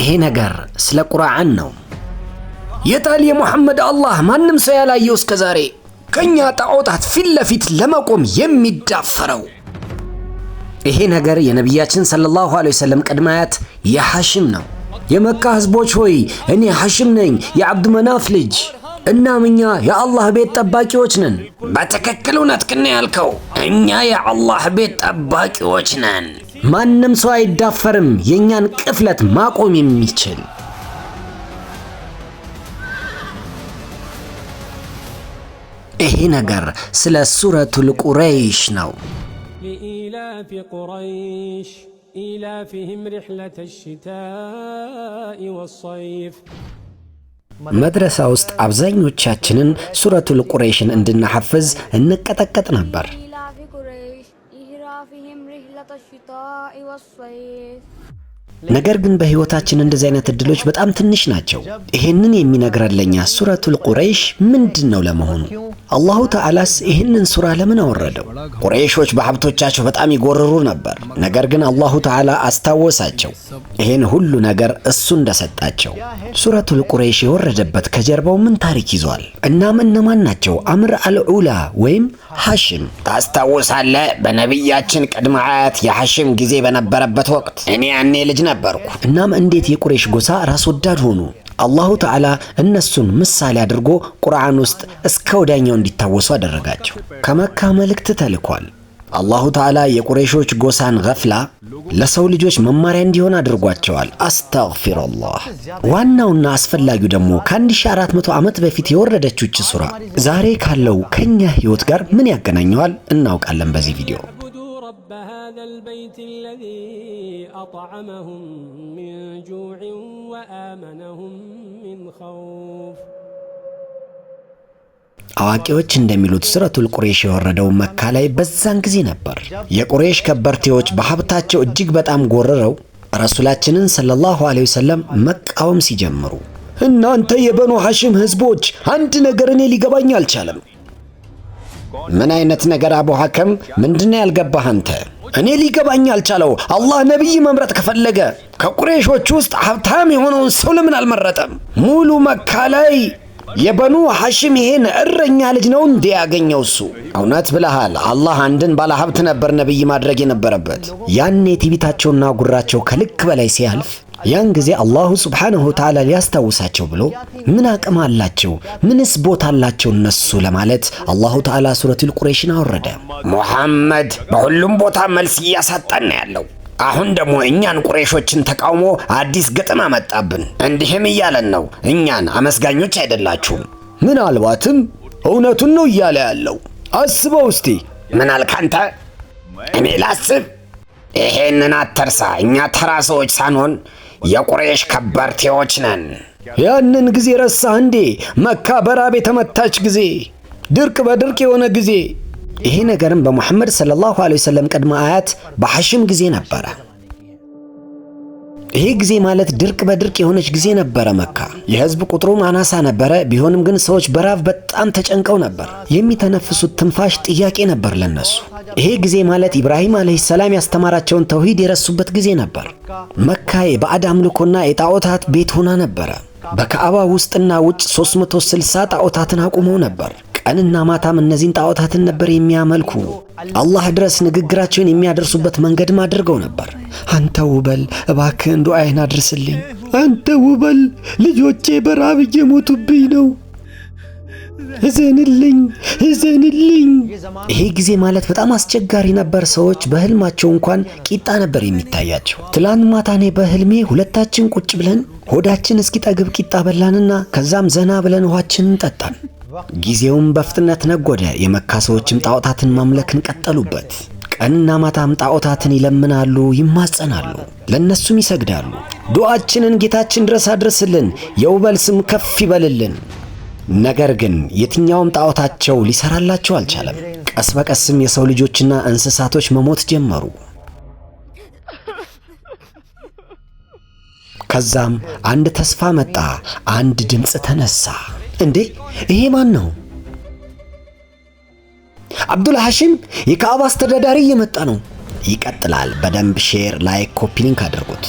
ይሄ ነገር ስለ ቁርአን ነው። የታል የሙሐመድ አላህ? ማንም ሰው ያላየው እስከ ዛሬ ከኛ ጣዖታት ፊት ለፊት ለመቆም የሚዳፈረው ይሄ ነገር የነቢያችን ሰለላሁ ዐለይሂ ወሰለም ቅድመ አያት የሐሽም ነው። የመካ ህዝቦች ሆይ እኔ ሐሽም ነኝ የአብዱ መናፍ ልጅ እናም እኛ የአላህ ቤት ጠባቂዎች ነን። በትክክል እውነትህን ነው ያልከው። እኛ የአላህ ቤት ጠባቂዎች ነን። ማንም ሰው አይዳፈርም የእኛን ቅፍለት ማቆም የሚችል። ይሄ ነገር ስለ ሱረቱል ቁረይሽ ነው። ሊኢላፊ ቁረይሽ ኢላፊህም ሪሕለተ ሽታኢ ወሰይፍ መድረሳ ውስጥ አብዛኞቻችንን ሱረቱል ቁረይሽን እንድናሐፍዝ እንቀጠቀጥ ነበር። ነገር ግን በህይወታችን እንደዚህ አይነት እድሎች በጣም ትንሽ ናቸው። ይሄንን የሚነግረልኛ ሱረቱል ቁረይሽ ምንድን ነው ለመሆኑ? አላሁ ተዓላስ ይህንን ሱራ ለምን አወረደው? ቁረይሾች በሀብቶቻቸው በጣም ይጎርሩ ነበር። ነገር ግን አላሁ ተዓላ አስታወሳቸው ይህን ሁሉ ነገር እሱ እንደሰጣቸው። ሱረቱል ቁረይሽ የወረደበት ከጀርባው ምን ታሪክ ይዟል? እናም እነማን ናቸው? አምር አልዑላ ወይም ሐሽም። ታስታውሳለ በነቢያችን ቅድመ አያት የሐሽም ጊዜ በነበረበት ወቅት እኔ ያኔ ልጅ ነበርኩ። እናም እንዴት የቁረይሽ ጎሳ ራስ ወዳድ ሆኑ? አላሁ ተዓላ እነሱን ምሳሌ አድርጎ ቁርአን ውስጥ እስከ ወዳኛው እንዲታወሱ አደረጋቸው። ከመካ መልእክት ተልኳል። አላሁ ተዓላ የቁረይሾች ጎሳን ገፍላ ለሰው ልጆች መማሪያ እንዲሆን አድርጓቸዋል። አስተግፊሩላህ። ዋናውና አስፈላጊው ደግሞ ከ1400 ዓመት በፊት የወረደችው ሱራ ዛሬ ካለው ከኛ ህይወት ጋር ምን ያገናኘዋል? እናውቃለን በዚህ ቪዲዮ። رب هذا البيت الذي أطعمهم من جوع وآمنهم من خوف አዋቂዎች እንደሚሉት ስረቱል ቁሬሽ የወረደው መካ ላይ በዛን ጊዜ ነበር። የቁሬሽ ከበርቴዎች በሀብታቸው እጅግ በጣም ጎርረው ረሱላችንን ሰለላሁ ዐለይሂ ወሰለም መቃወም ሲጀምሩ እናንተ የበኑ ሐሽም ህዝቦች አንድ ነገር እኔ ሊገባኝ አልቻለም ምን አይነት ነገር አቡ ሐከም፣ ምንድነው ያልገባህ አንተ? እኔ ሊገባኝ አልቻለው። አላህ ነቢይ መምረጥ ከፈለገ ከቁሬሾች ውስጥ ሀብታም የሆነውን ሰው ለምን አልመረጠም? ሙሉ መካ ላይ የበኑ ሐሽም ይሄን እረኛ ልጅ ነው እንዴ ያገኘው? እሱ እውነት ብለሃል። አላህ አንድን ባለ ሀብት ነበር ነቢይ ማድረግ የነበረበት። ያኔ ትዕቢታቸውና ጉራቸው ከልክ በላይ ሲያልፍ ያን ጊዜ አላሁ ስብሓንሁ ተዓላ ሊያስታውሳቸው ብሎ ምን አቅም አላቸው? ምንስ ቦታ አላቸው እነሱ ለማለት አላሁ ተዓላ ሱረቱል ቁረይሽን አወረደ። ሙሐመድ በሁሉም ቦታ መልስ እያሳጠን ያለው አሁን ደግሞ እኛን ቁረይሾችን ተቃውሞ አዲስ ግጥም አመጣብን። እንዲህም እያለን ነው እኛን አመስጋኞች አይደላችሁም። ምናልባትም እውነቱን ነው እያለ ያለው። አስበው እስቲ። ምን አልክ አንተ? እኔ ላስብ። ይሄንን አትርሳ። እኛ ተራ ሰዎች ሳንሆን የቁሬሽ ከበርቴዎች ነን። ያንን ጊዜ ረሳህ እንዴ? መካ በራብ የተመታች ጊዜ፣ ድርቅ በድርቅ የሆነ ጊዜ። ይሄ ነገርም በሙሐመድ ሰለላሁ ዐለይሂ ወሰለም ቅድመ አያት በሐሽም ጊዜ ነበረ። ይሄ ጊዜ ማለት ድርቅ በድርቅ የሆነች ጊዜ ነበረ። መካ የህዝብ ቁጥሩም አናሳ ነበረ። ቢሆንም ግን ሰዎች በራብ በጣም ተጨንቀው ነበር። የሚተነፍሱት ትንፋሽ ጥያቄ ነበር ለነሱ። ይሄ ጊዜ ማለት ኢብራሂም አለይሂ ሰላም ያስተማራቸውን ተውሂድ የረሱበት ጊዜ ነበር። መካ የባዕድ አምልኮና የጣዖታት ቤት ሆና ነበረ። በካዕባ ውስጥና ውጭ 360 ጣዖታትን አቁመው ነበር። ቀንና ማታም እነዚህን ጣዖታትን ነበር የሚያመልኩ። አላህ ድረስ ንግግራቸውን የሚያደርሱበት መንገድም አድርገው ነበር። አንተ ውበል እንዶ አይን አድርስልኝ። አንተ ውበል ልጆቼ በራብ እየሞቱብኝ ነው፣ እዘንልኝ፣ እዘንልኝ። ይሄ ጊዜ ማለት በጣም አስቸጋሪ ነበር። ሰዎች በህልማቸው እንኳን ቂጣ ነበር የሚታያቸው። ትላንት ማታ እኔ በህልሜ ሁለታችን ቁጭ ብለን ሆዳችን እስኪጠግብ ቂጣ በላንና ከዛም ዘና ብለን ውሃችንን ጠጣን። ጊዜውም በፍጥነት ነጎደ። የመካ ሰዎችም ጣዖታትን ማምለክን ቀጠሉበት። ቀንና ማታም ጣዖታትን ይለምናሉ፣ ይማጸናሉ፣ ለእነሱም ይሰግዳሉ። ዱዓችንን ጌታችን ድረስ አድርስልን፣ የውበል ስም ከፍ ይበልልን። ነገር ግን የትኛውም ጣዖታቸው ሊሰራላቸው አልቻለም። ቀስ በቀስም የሰው ልጆችና እንስሳቶች መሞት ጀመሩ። ከዛም አንድ ተስፋ መጣ። አንድ ድምፅ ተነሳ። እንዴ ይሄ ማን ነው? አብዱል ሐሺም የካዕባ አስተዳዳሪ እየመጣ ነው። ይቀጥላል። በደንብ ሼር፣ ላይክ፣ ኮፒ ሊንክ አድርጉት።